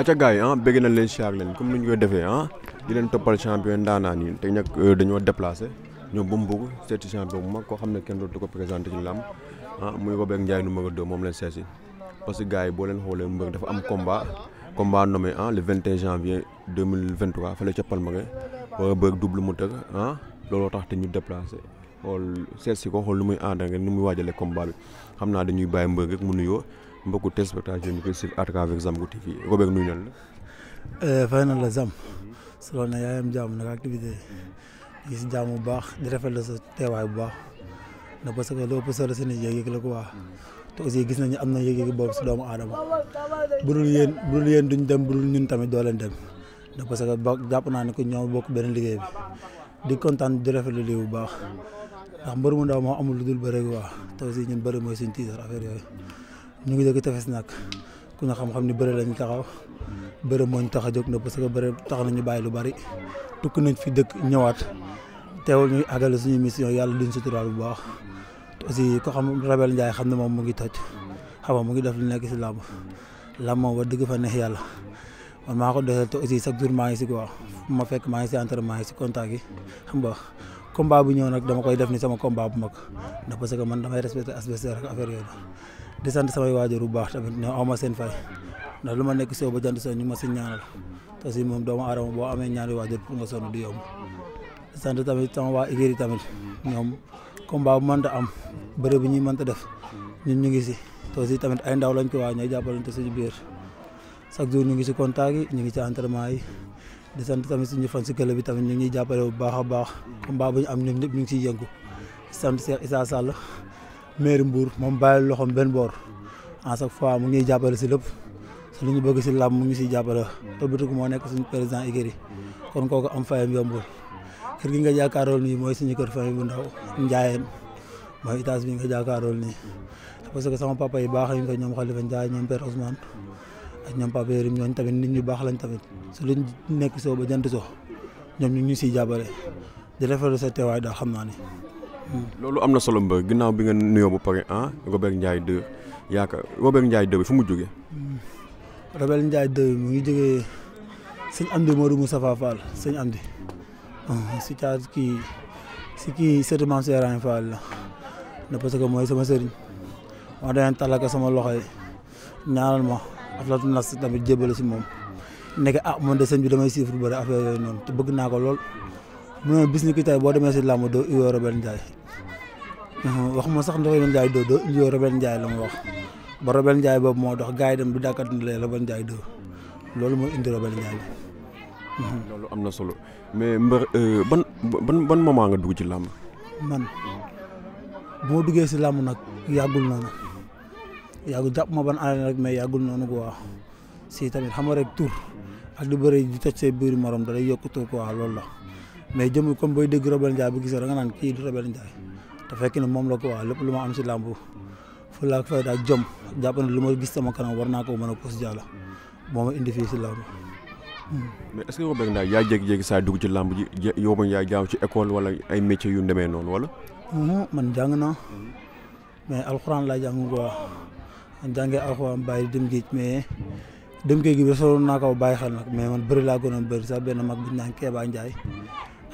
acca gars yi ah bëgg na leen siyaar leen comme ni ñu koy defee ah di leen toppal champion ndaanaan yi te nag euh, dañoo déplacé ñoo ba mu bëgg seeti champion bu mag koo xam ne kenn dootu ko présenté ci làmb ah muy Robert Ndiaye numéro boo leen xoolee am combat combat nommé ah le 21 janvier 2023 fële ca Palmarin ah, tax te ñu déplacé xool seet si ko lu muy ànd ak ni muy waajalee combat bi xam naa dañuy bàyyi mbër rek mu nuyoo mbokku téléspectateur ñu koy suivre à travers Zambro TV Robert nuyu la. Euh, fay nañ na yaayam jàmm nag activité yi gis jàmm bu baax di rafetlu sa teewaay bu baax na parce que loolu solo seen yëg-yëg la quoi te aussi gis nañu am na yëg-yëg si doomu aadama budul yéen budul yéen duñ dem budul ñun tamit doo leen dem na parce que ba jàpp naa ne ko ñoom bokk benn liggéey bi di kontaan di lu lii bu baax ndax mbër mu ndaw moo amul lu dul bëri quoi te ñun bëri mooy suñu tiitar affaire yooyu. ñu ngi dëkk tefes nag ku na xam-xam ni bëre lañ taxaw bëre mooñ tax a jóg na parce que bëre tax nañu bàyyi lu bari tukk nañ fi dëkk ñëwaat teewul ñu àggale suñu mission yàlla duñ suturaal bu baax aussi ko xam Rabel Ndiaye xam ne moom mu ngi toj xam mu ngi def lu nekk si làmb làmb moom wax dëgg fa neex yàlla man maa ko desal te aussi chaque jour maa ngi si quoi ma fekk maa ngi si maa ngi si contact yi xam nga combat bu ñëw nag dama koy def ni sama combat bu mag na parce que man damay respecté adversaire ak affaire yooyu di sant sama wajur bu baax tamit ne awma ma seen fay ndax luma ma nekk soo ba jant soo ñu ma si ñaanal to si mom doomu aadama bo amé ñaari waajur pour nga sonu di yom di sant tamit sama wa igéri tamit ñom combat bu mënta am bëre bu ñuy mënta def ñun ñu ngi si to si tamit ay ndaw lañ ko wa ñay jappalante suñu biir chaque jour ñu ngi ci contact yi ñu ngi ci entraînement yi di sant tamit suñu fan ci club bi tamit ñu ngi jappalé bu baaxa baax combat bu ñu am ñoom ñëpp ñu ngi siy yëngu sant Cheikh isa Sall maire Mbour mom bàyyi loxom ben bor à chaque fois mu ngi jàppale ci lepp si li ñu bëgg ci làmb mu ngi siy jàppale ko mo nek suñu président igéri kon koko am fayam yombul kër gi nga jàkkaarool ni moy suñu kër fay bu ndaw njaayeen mooy étage bi nga jàkkaarool ni parce que sama papa yi bax yi nga ñom Khalifa Ndiaye ñom Père Ousmane ak ñom papa yi ñoo tamit nit ñu bax lañ tamit su luñ nek so ba jant so ñom ñu ngi ci jàppale di rafetlu sa teewaay daal xam ni loolu am na solo mba ginnaaw bi nga nuyoo ba pare ah Robert Ndiaye 2 yaaka Robert Ndiaye 2 bi fu mu jógee. Hmm. Robert Ndiaye 2 mu ngi jógee sëñ Amdi Modou Moustapha Fall sëñ Amdi ah, si caa kii si kii sëriñ Maam Serigne la ne parce que mooy sama sëriñ ma danañ talaka sama loxo yi ñaanal ma aflatu nas tamit jébal si moom nekk ah man de sëñ bi damay siifru bëri affaire yooyu noonu te bëgg naa ko lool. mu ne bis ni ki tey boo demee si làmb doo Iwo Robert Ndiaye waxuma sax ndox Robert Ndiaye doo doo Iwo Robert Ndiaye la ma wax ba Robert Ndiaye boobu moo dox gars yi dem du dàkkatundalee Robert Ndiaye doo loolu moo indi Robert Ndiaye bi. loolu am na solo mais mbër euh, ban ban ban moment nga dugg ci làmb. man bu ma duggee si làmb nag yàggul noonu yàggul jàpp ma ban année rek mais yàggul noonu quoi si tamit xam nga rek tur ak di bëri di toj see biir morom da lay yokk tur quoi loolu la. mais jëm comme booy dégg Robert Ndiaye bu gisee da nga naan kii du Robert Ndiaye te fekk ne moom la ko wax lépp lu ma am si làmb fu laa ko fay daal jom jàpp lu ma gis sama kanam war naa ko mën a pos jàll moo indi fii si làmb. mais est-ce que Robert saa dugg ci làmb ji yow man yaa jaaw ci wala ay yu demee noonu man jàng naa mais alxuraan laa jàng quoi man jàngee alxuraan bàyyi dem géej mais dem gi bi soloon naa bàyyi xel nag mais man bëri laa gënoon bëri sax benn mag bu ñu naan Kéba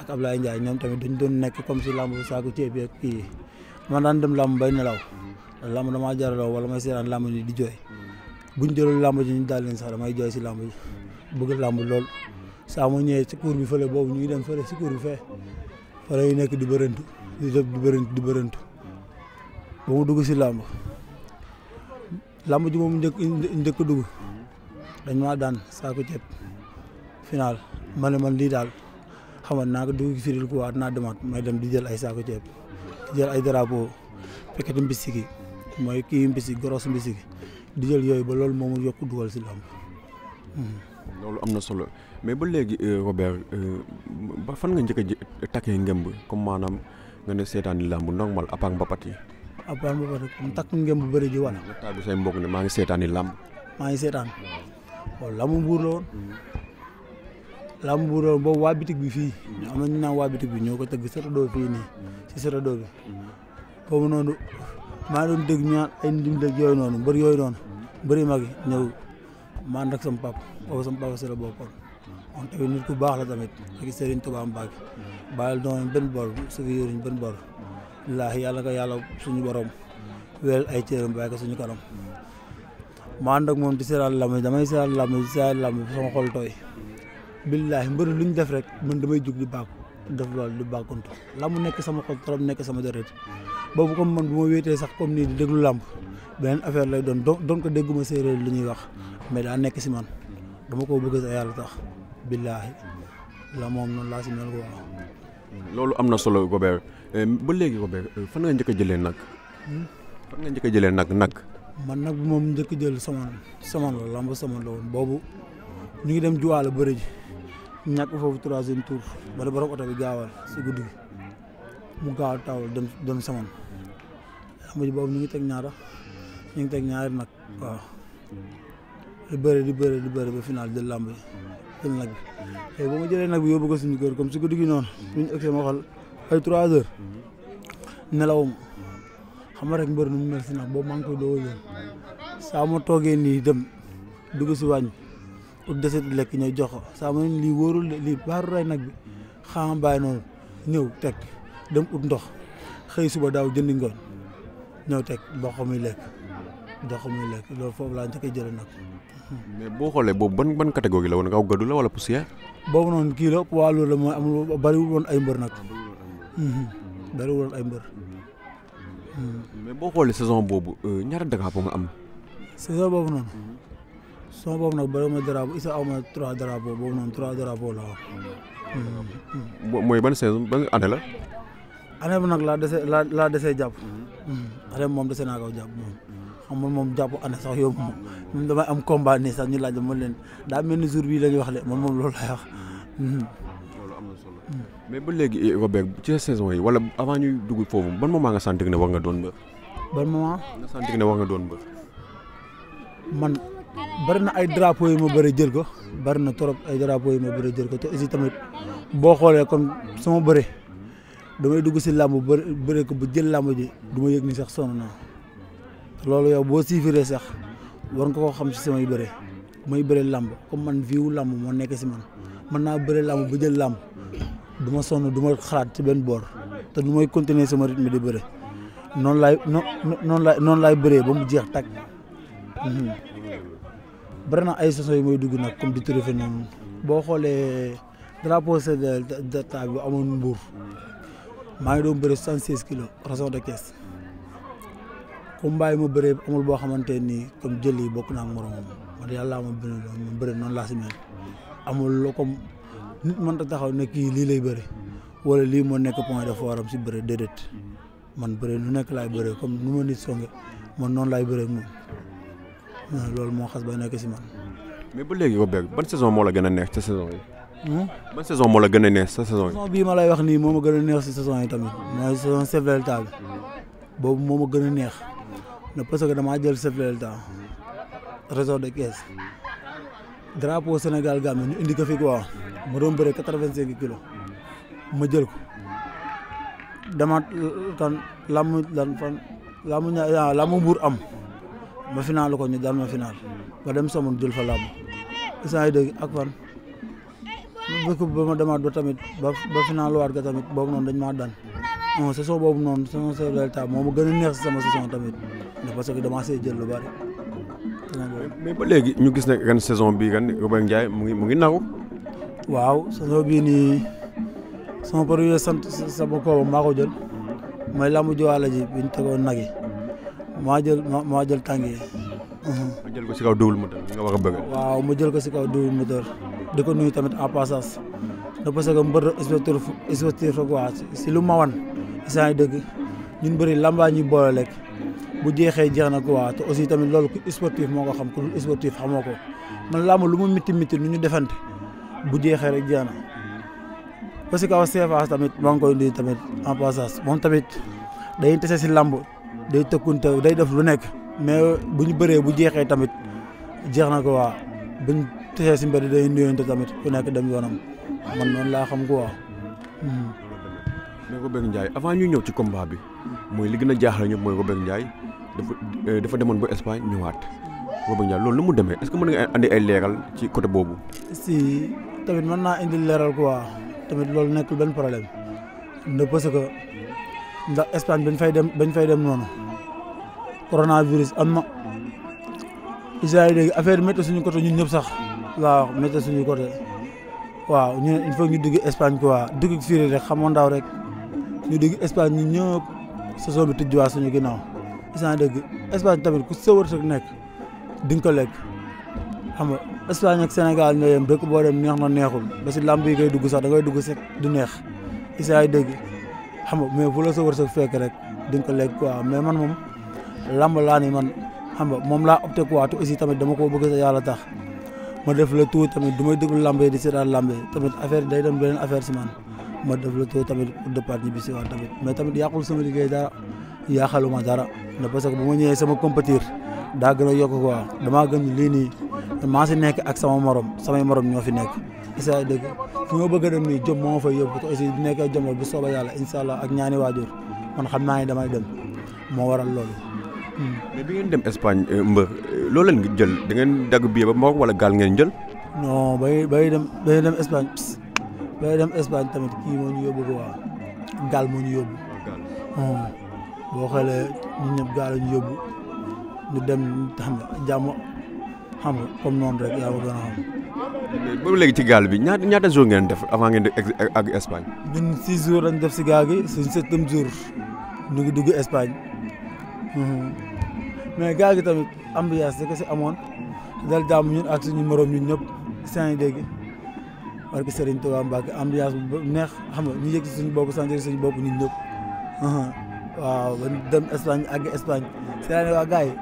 ak Ablaye ndjay ñom tamit dañ doon nekk comme si lamb sa ko bi ak ki man dañ dem lamb bay nelaw lamb dama jaralo wala ma séran lamb ni di joy buñ jëlul lamb ji ñu dal leen sax dama joy si lamb ji bëgg lamb lool sa mo ñëw ci cour bi fele bobu ñuy dem fele ci cour bi fe fele yu nek di bërëntu di def di bërëntu di bërëntu bu mu dugg si lamb lamb ji moom njëkk njëkk dugg dañ ma daan saako ceeb final ma man li daal xamal naa ko firil ko wat na demat may dem di jël ay sako ceeb di jël ay drapo fekkati mbisigi moy ki mbisigi gros mbisigi di jël yoy ba lol momu yokk dugal ci lamb loolu amna solo mais ba léegi euh, Robert euh, ba fan nga njëkk a ngëmb comme manam nga né sétane lamb normal apak part mbapat yi. à part mbapat yi takk ngemb ji wala. ta du say mbok ne ma ngi sétane lamb. ma ngi sétane lamb mbur lo lamburo bo doon boobu bi fi am na ñu naan waa bitig bi ñoo ko tëgg sarado fii nii si sarado bi boobu noonu maa doon dégg ñu ay ndim dëgg yoy nonu mbër yoy noonu mbëri magi ñew ma maa ndak sama papa boobu sam papa si la bokkoon on tamit nit ku baax la tamit ak Serigne Touba Mbacke baal doon ben bor su fi yoriñ ben bor allah yalla nga yalla suñu borom wel ay cëram bàyyi ko suñu karam ma ànd mom di seetaan lamb damay seetaan lamb di seetaan lamb sama xol toy billaahi mbëri lu ñu def rek mën damay jug di bàkku def loolu di bàkkuntu la mu nekk sama xol trop nekk sama deret boobu comme man bu ma wéetee sax comme nii di déglu làmb beneen affaire lay doon doon ko dégguma séeréer li ñuy wax mais daa nekk si man dama koo bëgg sa yàlla tax billaahi la moom noonu laa si mel ko loolu am na solo Robert eh, ba léegi Robert eh, fan nga njëkk a jëlee nag hmm? fan nga njëkk jëlee nag nag man nag bu moom njëkk jël sama sama la làmb sama la woon boobu ñu ngi dem juwaale bëri ji fofu 3e tour wala borom auto bi gawal, si guddi muka mu gaaw taw dem dem sama am ji bobu ñu ngi tek ñaara ñu ngi tek ñaar nak waaw di beure di beure di beure ba final de lamb ci nak nag bu ma jëlé nak bu yobu ko suñu kër comme si guddi gi noonu ñu ëgsee ma xool ay trois heures nelawuma xam rek mbeur ñu mel ci nak bo maa ngi koy doog a saa ma toogee dem dugg ci wañu desit lekk ñëw jox ko saa mu ne lii wóorul lii baaru ray nag bi xam bàyyi noonu ñëw teg dem ut ndox xëy suba daaw jënd ngoon ñëw teg mboq mi lekk ndox mi lekk loolu foofu laa a mais boo xoolee boobu ban ban catégorie la woon nga gadu la wala poussière. boobu noonu kii la poids la mooy amul bariwul ay mbër nag mhm. bariwul woon ay mbër. mais boo xoolee saison euh, nga am. saison sama boobu nag bëri ma drapeau isa aw ma trois drapeaux boobu noonu trois drapeaux la am. mooy ba ban saison ban année la. année bi nag laa dese laa laa dese jàpp. Mm-hmm. année bi moom dese naa ko jàpp moom. xam moom jàpp année sax yow moom damay am combat sax ñu laaj ma leen daa mel ni jour bii la ñuy wax de man moom loolu laay wax. Mm-hmm. am na solo. mais ba léegi eh, Robert ci saison yi wala avant ñuy dugg foofu ban moment nga sentir ne war nga doon ba ban moment. nga sentir ne war nga doon mbër. barna ay drapeau yi mo bëri jël ko barna torop ay drapeau yi mo bëri jël ko to isi tamit bo xoolee kon sama bëri damay dugg ci lamb bëri ko bu jël lamb ji duma yegg ni sax sonn naa loolu yow bo siifiree sax war nga ko xam ci sama bëri may bëri lamb comme man viu lamb mo nekk ci man man na bëri lamb bu jël lamb duma ma duma xalat ci ben bor te du continuer sama rythme di bëri non lay non lay non lay bëree ba mu jeex tak mhm bari ay saison yi moy dugg nak comme di trefe non bo xolé drapeau chef de l'État bi amoon mbour ma ngi doon beure 116 kg raison de caisse combat yi mo beure amul bo xamanteni comme jël bok na naa ak moromam man yàlla ma bind ma bëri noonu laa si mel amul lo comme nit mënta taxaw ne kii lii lay beure wala li mo nek point de forum ci beure dedet man beure nu nek lay beure comme nu ma nit songe man non lay beure mom Ah, loolu moo xas ba nekk si man. mais ba léegi Obeuck ban saison moo la gën a neex sa saison yi. Hmm? ban saison moo la gën a neex sa saison yi. saison bii ma lay wax nii moo ma gën a neex si saison yi tamit mooy saison chef de l'État bi boobu moo ma gën a neex na parce que damaa jël chef de l'État réseau de caisse drapeau Sénégal Gambie ñu indi ko fi quoi ma doon bëre quatre-vingt-cinq kilos ma jël ko dama kan lamu lan fan lamu ña ah, lamu mbuur am. ma final ko ñu daan ma final ba dem sama jël fa làmb instant yi dégg ak fan bëkk ba ma demaat ba tamit ba ba final waat ga tamit boobu noonu dañ maa daan non saison boobu noonu saison sa résultat moo ma gën a neex si sama tamit ndax parce que damaa jël lu bari. mais léegi ñu gis ne gan saison bii gan Robert Ndiaye mu ngi mu ngi naru. waaw saison bii nii sama premier sant sama kooba maa ko jël mooy làmb bi ñu tegoon yi maa jël maa jël tàng yi. ma jël ko si kaw double moteur bi nga waaw ma jël ko si kaw double moteur. di ko nuyu tamit en passage. da parce que mbër inspecteur inspecteur fa quoi si lu ma wan. isaan dëgg ñun bëri lambaa ñuy boole lekk bu jeexee jeex na quoi te aussi tamit loolu ku sportif moo ko xam ku dul sportif xamoo ko man làmb lu mu miti miti nu ñu defante bu jeexee rek jeex na parce que aw CFA tamit maa ngi koy nuyu tamit en passage moom tamit dañuy tese si làmb. day tëkkunte day def lu nekk mais bu ñu bëree bu jeexee tamit jeex na ko waa bu ñu tesee si mbedd day nuyonte tamit ku nekk dem yoonam man laa xam ko waa. Hmm. mais Robert Ndiaye avant ñu ñëw ci combat bi mooy li gën a jaaxal ñëpp mooy Robert Ndiaye dafa euh, dafa demoon ba Espagne ñëwaat Robert Ndiaye loolu nu mu demee est-ce que mën nga andi ay leeral ci côté boobu. si tamit mën naa indi leeral ko waa tamit loolu nekkul benn problème ndax parce que ndax Espagne bañ fay dem bañ fay dem noonu. coronavirus am na. Israël léegi affaire métti suñu côté ñu ñëpp sax waaw métti suñu côté waaw ñu il ñu dugg Espagne quoi dugg fii rek xamoon daaw rek ñu dugg Espagne ñun ñëpp saison bi tijjiwaat suñu ginnaaw isaan dëgg Espagne tamit ku sa wërsëg nekk di ko lekk xam nga Espagne senegal Sénégal ñoo yem dëkk boo dem neex na neexul ba si làmb yi ngay dugg sax da ngay dugg sek du neex isaan dégg xam nga mais fu la sa wërsëg fekk rek di ko lekk quoi mais man moom. lamba laa ni man xam nga mom la opté quoi te aussi tamit dama ko bëgg sa yalla tax ma def le tout tamit du may déglu di seetaan lamb yi tamit affaire day dem benen affaire ci man ma def le tout tamit part départ bi ci waat tamit mais tamit yaqul sama liggéey dara xaluma dara ne parce que buma ñëwé sama compétir da gëna yok quoi dama gën li ni ma ci nekk ak sama morom samay morom ñoo fi nekk isa dëgg fu ma bëgg dem ni jom mo fa yobbu te aussi di nekk jom bu soba yalla inshallah ak ñaani wajur man xamna ni ne damay dem mo waral lolou Hmm. mais bi ngeen dem espagne mbeur lo leen jël da ngeen dag bi ba mok wala gal ngeen jël non bay bay dem bay dem espagne bay dem espagne tamit ki mo ñu yobbu wa gal mo ñu yobbu bo xale ñun ñep gal ñu yobbu ñu dem xam jamu xam comme non rek ya ko gëna xam ba legi ci gal bi ñaata ñaata jour ngeen def avant ngeen di ak espagne ñun 6 jours lañ def ci gal gi suñ 7 jour ñu ngi dugg espagne hmm. mais gaal yi tamit ambiance da si amoon dal jàmm ñun ak suñu morom ñun ñëpp saa dégg parce que Serigne Touba Mbacke ambiance bu nga ñu yëg si suñu bopp sentir suñu bopp ñun ñëpp ba dem Espagne àgg Espagne si laa ne waa gars yi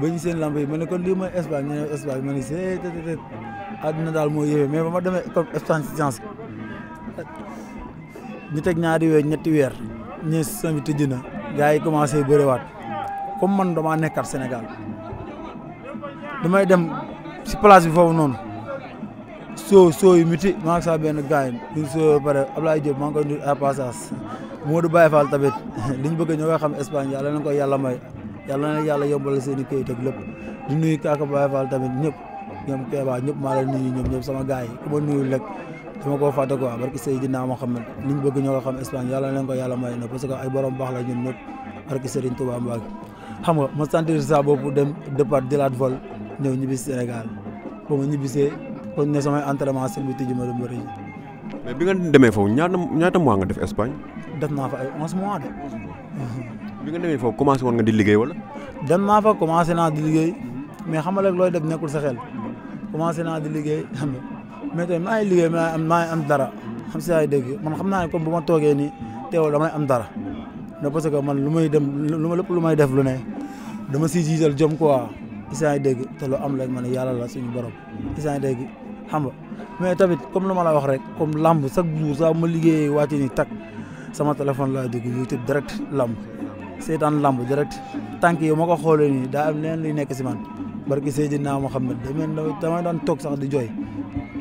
ba ñu seen lamp yi ma ne kon lii mooy Espagne ñu ne Espagne ma eh, mais ba demee comme Espagne si teg ñaari weer ñetti weer ñeent si sami tëj na gars yi commencé bëriwaat. comme man damaa nekkaat senegal damay dem si place bi foofu noonu soo soo yu miti maa ngi saa benn gars yi soo pare Ablaye Diop maa ngi koy nuyu yàlla nañ ko yàlla may yàlla na yàlla yombal seen i këyit ak lépp di nuyu Kaka Baye Fall tamit ñëpp ñoom Kéba ñëpp maa la nuyu ñoom ñëpp sama gars yi ku ma nuyu rek dama koo fàtte quoi barki Seydina Mohamed li ñu bëgg ñoo yàlla nañ ko may na parce ay borom baax la ñun ñëpp barki Serigne Touba xam nga ma sentir ça boobu dem départ jëlaat vol ñëw ñibbi Sénégal ba ma ñibbisee kon ne samay entraînement seen bi tijji ma dem bëri mais bi nga demee foofu ñaata ñaata mois nga def Espagne. def naa fa ay onze mois de. bi nga demee foofu commencé woon nga di liggéey wala. dem naa fa commencé naa di liggéey mais xam nga looy def nekkul sa xel commencé naa di liggéey xam nga mais tamit maa ngi liggéey maa ngi am dara xam si ay dégg man xam naa ne comme bu ma toogee nii teewul damay am dara. ne parce que man lumay dem luma lepp lumay def lu ne dama si jital jom quoi isaan deg te lo am la man yalla la suñu borom isaan deg xam nga mais tamit comme luma la wax rek comme lamb chaque jour saa ma liggey wati ni tak sama telephone laa deg youtube direct lamb setan lamb direct tank yow mako xolé ni da am len luy nek ci man barki da men damay damay don tok sax di joy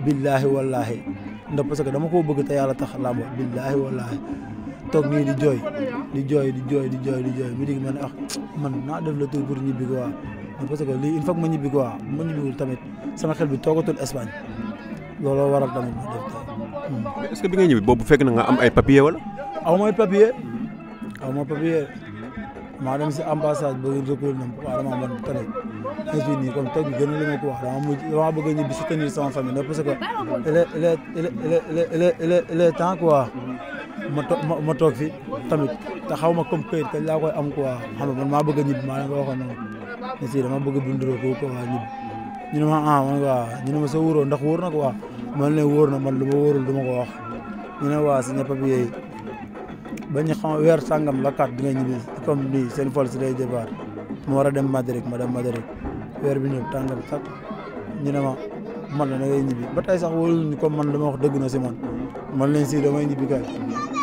billahi wallahi ndax parce que dama ko bëgg te yalla tax lamb billahi wallahi tok ni di joy di joy di joy di mana? di joy man ah man naa def le tour pour ñibbi quoi parce que lii il faut que ma ñibbi quoi ma ñibbiwul tamit sama xel bi toogatul Espagne looloo waral tamit ma def mais est ce bi nga fekk na nga am ay papier wala. aw ma papier aw ma papier maa dem si ambassade ba recours na waaw dama man tamit inspi nii comme toog gën a ko wax dama bëgg sama famille parce que il est il est il est il est temps quoi ma toog ma toog fi tamit te xaw ma comme këyit kañ laa koy am quoi xam nga man maa bëgg a ñibbi maa leen waxoon noonu ne si dama bëgg a ko ñu ne ma ah man waa ñu ne ma sa wóoroo ndax wóor na ko ma ne wóor na man lu ma wóorul du ma ko wax ñu ne waa signé papier ba ñu xam weer sàngam la carte bi nga ñibbi comme nii seen fol si day départ ma war a dem Madrid ma dem Madrid weer bi ñëw tàngam sax ñu ne ma man la ngay ñibbi ba tey sax wóorul ñu comme man lu ma wax dëgg na si man man leen si damay ñibbi kay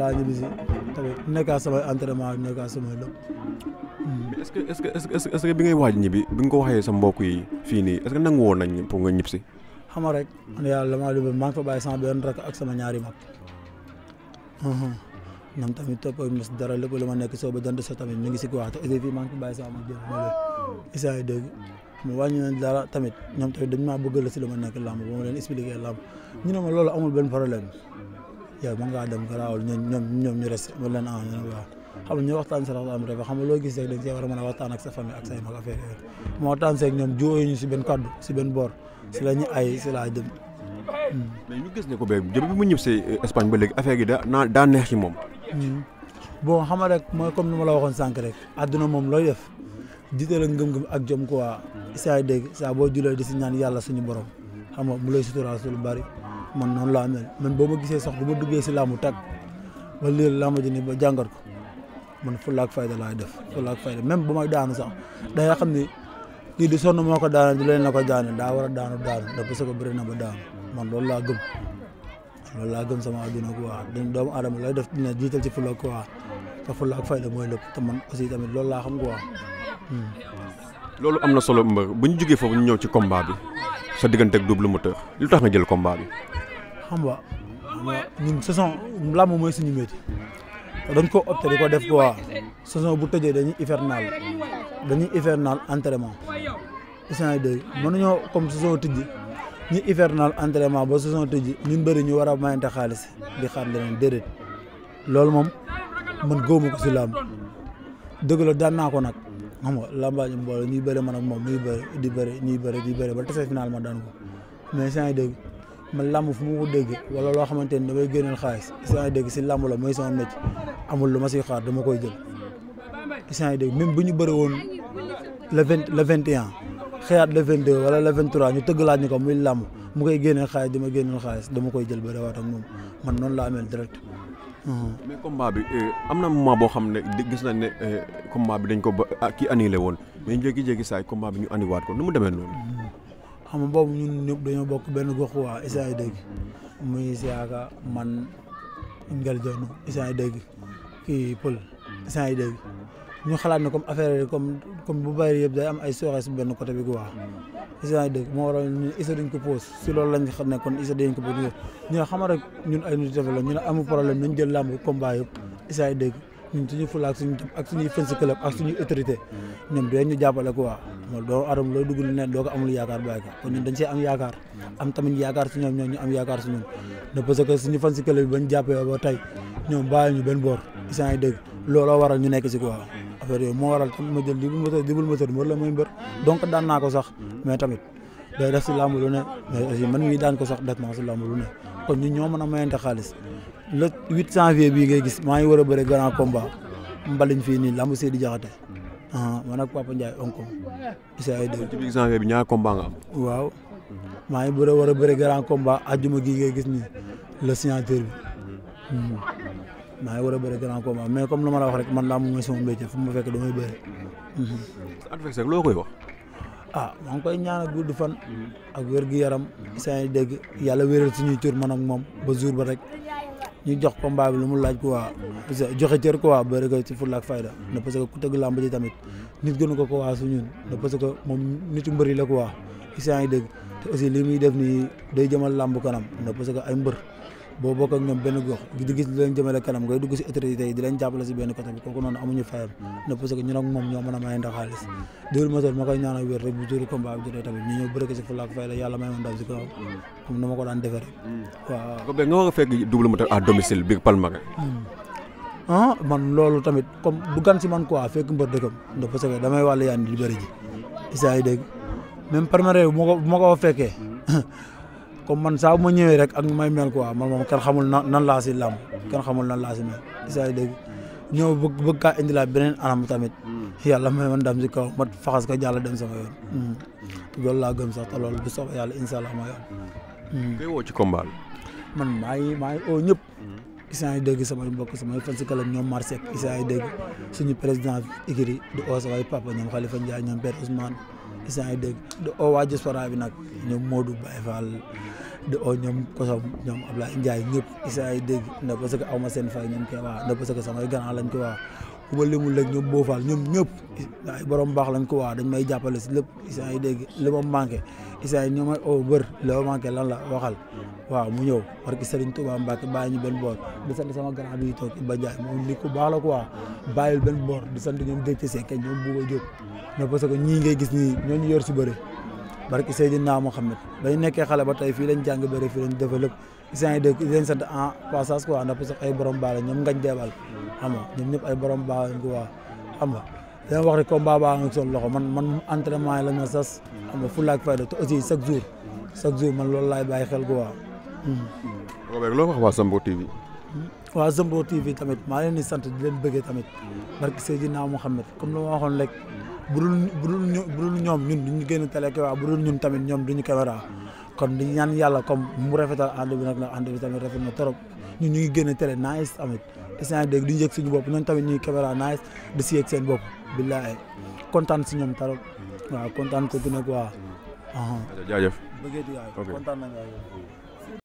laa ñibbi si tamit samay entraînement nekkaat samay lépp. mais est-ce que est bi ngay waaj ñibbi bi nga ko waxee sa mbokk yi fii nii est-ce que nangu woon rek man yàlla damaa mhm. ma nekk soo ba donte soo tamit ñu ngi si ko wax a aussi fii maa ngi fa bàyyi sama mag bi ma leen isaay dégg mu wàññi leen dara tamit nekk làmb ba ma leen expliqué yow mën ngaa dem garaawul ñoom ñoom ñoom ñu resté mu leen ah ñu ne waaw xam nga ñu waxtaan si raxas am rek xam nga loo gis rek dañ cee war a mën a waxtaan ak sa famille ak say mag affaire yooyu moo waxtaan seeg ñoom jiwooyu ñu si benn kaddu si benn boor si la ñu ay si laa jëm hmm. mais ñu gis ne ko bee jëm bi mu ñëw si Espagne ba léegi affaire yi daa daa neex ci moom hmm. bon xam nga rek mooy comme ni ma la waxoon sànq rek àdduna moom looy def jiite la ngëm-ngëm ak jom quoi saa dégg saa boo julee di si ñaan yàlla suñu borom xam nga mu lay suturaal su lu bari man noonu laa mel man boo ma gisee sax bu ma duggee si làmb tag ba léegi làmb ji ni ba jàngat ko man fulla ak fayda laay def fulla ak fayda même bu may daanu sax da nga xam ni kii di sonn moo ko daane du leen ko daane daa war a daanu daanu da parce que bëri na ba daanu man loolu laa gëm loolu laa gëm sama adduna ko waa dañ doomu aadama def dina jiital ci fulla ko waa te fulla ak fayda man aussi tamit loolu laa xam ko waa hmm. loolu am na solo mbër bu ñu jógee foofu ñu ñëw ci combat bi sa diggante ak double moteur lu tax nga jël combat bi. xam nga ñun saison làmb mooy suñu métier dañ ko opté di ko def quoi saison bu tëjee dañuy hivernal dañuy hivernal entraînement instant yii day mënuñoo comme saison tijji ñu hivernal entraînement ba saison tijji ñun bëri ñu war a mayante xaalis di xaar leneen déedéet loolu moom man góomu ko si làmb dëgg la daan naa ko nag. xam nga làmbaaj mu boole ñuy bëri man ak moom ñuy bëri di bëri ñuy bëri di bëri ba tase final ma daan ko mais saa ngi dégg man làmb fu mu ko dégg wala loo xamante ni damay génneel xaalis saa ngi dégg si làmb la mooy sama métier amul lu ma siy xaar dama koy jël saa ngi dégg même bu ñu bëri woon le vingt le vingt et un xëyaat le vingt wala la vingt trois ñu tëgg laaj ñu ko muy làmb mu koy génneel xaalis dama génneel xaalis dama koy jël bëri waatam moom man noonu laa amee direct mais combat bi amna moment bo xam gis nañ ne combat bi dañ ko ba annulé woon mais jékki-jékki saa combat bi ñu andiwaat ko nu mu demee xam nga ñun ñëpp dañoo bokk benn gox waa Issa dégg muy Siaka man Ngel Diagne Issa dégg kii Pël Issa dégg. ñu xalaat na comme affaire yi comme comme bu bari yëpp day am ay sooxe su benn côté bi quoi. is hmm. naa dégg moo waral ñu si loolu lañ xam ne ko pose ñu ne xamal rek ñun ay nit ñu jël làmb combat yëpp is suñuy fans club ak suñuy hmm. ñu jàppale quoi hmm. moom doo aram loo dugg lu ne doo ko yaakaar bàyyi ko kon ñun dañ yaakaar am tamit yaakaar ñu am yaakaar si ñun de parce que suñu fans club bi bañ jàppee ba tey ñoom bàyyi ñu benn boor is naa dégg looloo waral ñu nekk si quoi affaire yooyu mo waral tam ma jël double moteur double moteur mo la mooy mbër donc dan naa ko sax mais tamit day def ci lamb lu ne mais man mi dan ko sax def naa ci lamb lu ne kon ñu ñoo mëna mayante xaliss le 8 janvier bi ngay gis ma ngi wara bëre grand combat mbalign fi ni lamb Seydi Diakhaté ah man ak Papa ndjay onko isa ay dégg ci biir janvier bi ñaari combat nga am waaw ma ngi bëre wara bëre grand combat aljuma gi ngay gis ni le signature bi hmm maa ngi war a bëri grand combat mais comme lu ma la wax rek man laa moom sama métier fu ma fekk damay bëri. adversaire loo koy wax. ah maa ngi koy ñaanal gudd fan. ak wér gu yaram. saa dégg yàlla wéral suñuy tur man ak moom ba jour ba rek ñu jox combat bi lu mu laaj quoi. parce que joxe cër quoi bëri ko ci fulla ak fayda. ne parce que ku tëgg làmb ji tamit. Hmm. nit gënu ko ko ah, su ñun. ne parce que moom nitu mbëri la quoi. Ah. saa dégg te aussi li muy def nii day jëmal làmb kanam. ne parce que ay mbër bo bokk ak ñom ben gox di gis di leen jëmele kanam ngay dugg ci autorité yi di leen jàppale ci ben côté bi kooku non amuñu fayal mm. ne parce que ñun ak mom ñoo mëna may ndax xaliss deul ma sol makay ñaanal wër rek bu jëru combat bi jëru tamit ñi ñoo bërek ci fulaak fayal la may ma dal ci ko comme na ko daan défer mm. waaw ko be nga nga fekk double moteur à domicile bi palmaga mm. ah man loolu tamit comme du gan ci man quoi fekk mbër dëkkam na parce que damay walé yaan li ji isaay yi même première bu ma ko bu ma ko comme man saa bu ma ñëwee rek ak nu may mel quoi man moom kenn xamul nan laa si làmb hmm. kenn xamul nan laa si mel isaay dégg ñëw bëgg bëgg kaa indilaat beneen anam tamit hmm. yàlla ma man dam si kaw ma faxas ka jàll dem sama yoon hmm. loolu laa gëm sax te loolu bu soobee yàlla incha allah ma woo ci combat man maa ngi maa ngi oo ñëpp isaan yi dégg samay mbokk samay fan si kalam ñoom Marsek isaan yi suñu président écurie di oo samay papa ñoom Khalifa Ndiaye ñoom Père Ousmane isant yi dégg di o waa diaspora bi nag ñoom Modou Baye Fall di o ñoom Kosom ñoom Ablaye Ndiaye ñëpp isant yi dégg nda parce que aw ma seen nda parce que samay grand lañ ko waa ku ma limul rek ñoom boofaal ñoom ñëpp ay borom baax lañ ko waa dañ may jàppale si lépp isaan yi dégg li ma manqué isaan yi ñoo may bër li ma lan la waxal waaw mu ñëw parce que Serigne Touba Mbacke bàyyi ñu benn boor di sant sama grand bi toog Iba Ndiaye moom nit ku baax la quoi bàyyil benn boor di sant ñoom Déthié Seck ñoom Bouba Diop mais parce que ñii ngay gis nii ñoo ñu yor si bëri barki Seydina Mohamed bañ nekkee xale ba tey fii lañ jàng bëri fii la defee lépp isaan yi dégg leen sant a ah, passage quoi ndax parce que ay borom baax ñoom ngañ deebal xam nga ñoom ñëpp ay borom baax lañ ko waa xam nga dina wax ne combat baa nga loxo man man entraînement la ma sas xam nga fulla ak fayda te aussi man loolu laay bàyyi xel ko waa hmm. Robert loo wax waa Zambro TV hmm. waa Zambro TV tamit maa leen di sant di leen bëggee tamit barki Seydina Mouhamed comme la ma waxoon rek budul budul budul ñoom ñun duñu génn télé ko waa budul ñun tamit ñoom duñu caméra kon di ñaan yàlla comme mu rafetal ànd bi nag ndax ànd bi rafet na trop ñun ñu ngi génn télé nice amit instant dégg di yëg suñu bopp ñoom tamit ñuy caméra nice di si yëg seen bopp billaahi kontaan si ñoom trop waaw kontaan ko ku nekk waaw jaajëf bëggee di yaay kontaan